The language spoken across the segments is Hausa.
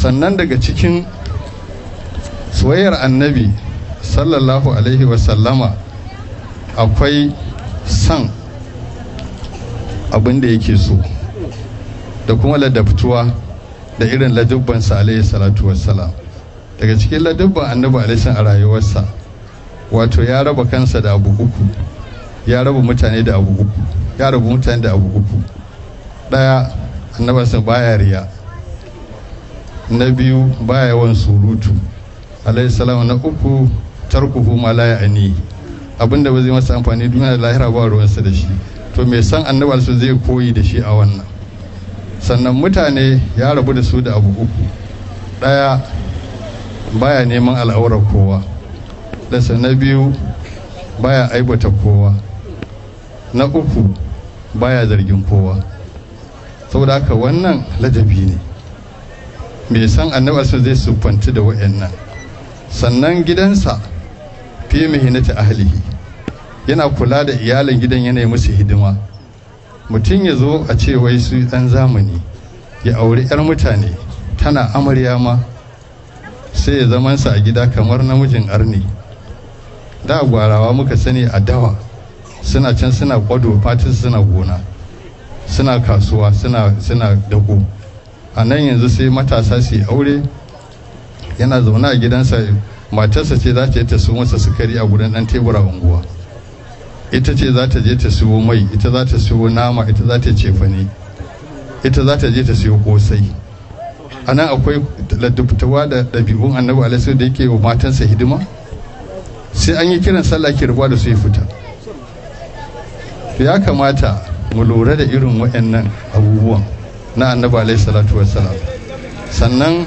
sannan daga cikin soyayyar annabi sallallahu alaihi wasallama akwai san abin da yake so da kuma ladabtuwa da irin ladubbansa alaihi salatu wassalam daga cikin ladubban annabi alaihi a rayuwarsa wato ya raba kansa da abu uku ya raba mutane da abu uku ya raba mutane da abu uku daya annabi sun baya riya na biyu baya yawan surutu alaihi salam na uku tarkuhu ma la ya'ani abinda ba zai masa amfani duniya da lahira ba ruwansa da shi to mai san annabi su zai koyi da shi a wannan sannan mutane ya rabu da su da abu uku daya baya neman al'aurar kowa na biyu baya aibata kowa na uku baya zargin kowa saboda haka wannan ladabi ne mai san annabi sun zai siffanci da wa'annan sannan gidansa fi mihinati ahlihi yana kula da iyalin gidan yanayi musu hidima mutum ya zo a ce wai su dan zamani ya auri 'yar mutane tana amarya ma sai ya zamansa a gida kamar namijin arni da gwarawa muka sani a dawa suna can suna kwado fatin suna gona suna kasuwa suna dago a nan yanzu sai matasa su yi aure yana zaune a gidansa matarsa ce za ta yi ta su masa sukari a gurin dan tebura unguwa ita ce za ta je ta siyo mai ita za ta siyo nama ita za ta cefane ita za ta je ta siyo kosai a nan akwai ladubtawa da ɗabi'un annabi alaihi da yake wa matansa hidima sai an yi kiran sallah ki rubuwa da su ya fita ya kamata mu lura da irin waɗannan abubuwan na annabi alaihi salatu wassalam sannan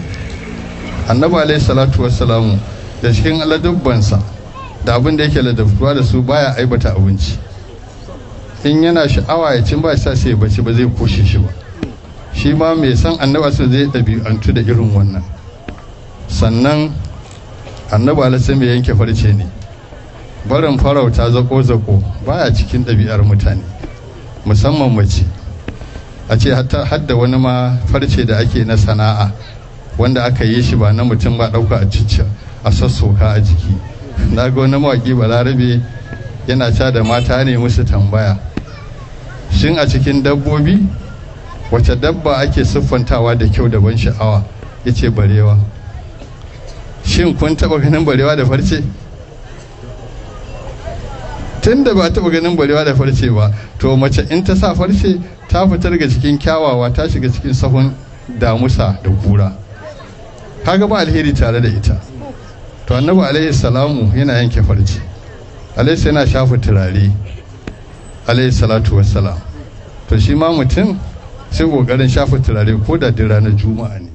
annabi alaihi salatu wassalamu da cikin aladubbansa da abin da yake ladabtuwa da su baya aibata abinci in yana sha'awa ya cin ba shi sai ya bace ba zai kushe shi ba shi ma mai san annaba su zai ɗabi'antu da irin wannan sannan annaba alasa mai yanke farce ne barin farauta zako-zako baya cikin ɗabi'ar mutane musamman mace a ce da wani ma farce da ake na sana'a wanda aka yi shi ba na mutum ba ɗauka a cicci a sassoka a jiki na ga wani mawaƙi balarabe yana ca da mata ne musu tambaya shin a cikin dabbobi wace dabba ake siffantawa da kyau da ban sha'awa ya ce barewa shin kun taɓa ganin barewa da farce tun da ba taɓa ganin barewa da farce ba to mace in ta sa farce ta fita daga cikin kyawawa ta shiga cikin sahun damusa da kura kaga ba alheri tare da ita to annabi alaihi salamu yana yanke farce alaihi yana shafa turare alaihi salatu wassalam to shi ma mutum sai kokarin shafa turare ko da ranar juma'a ne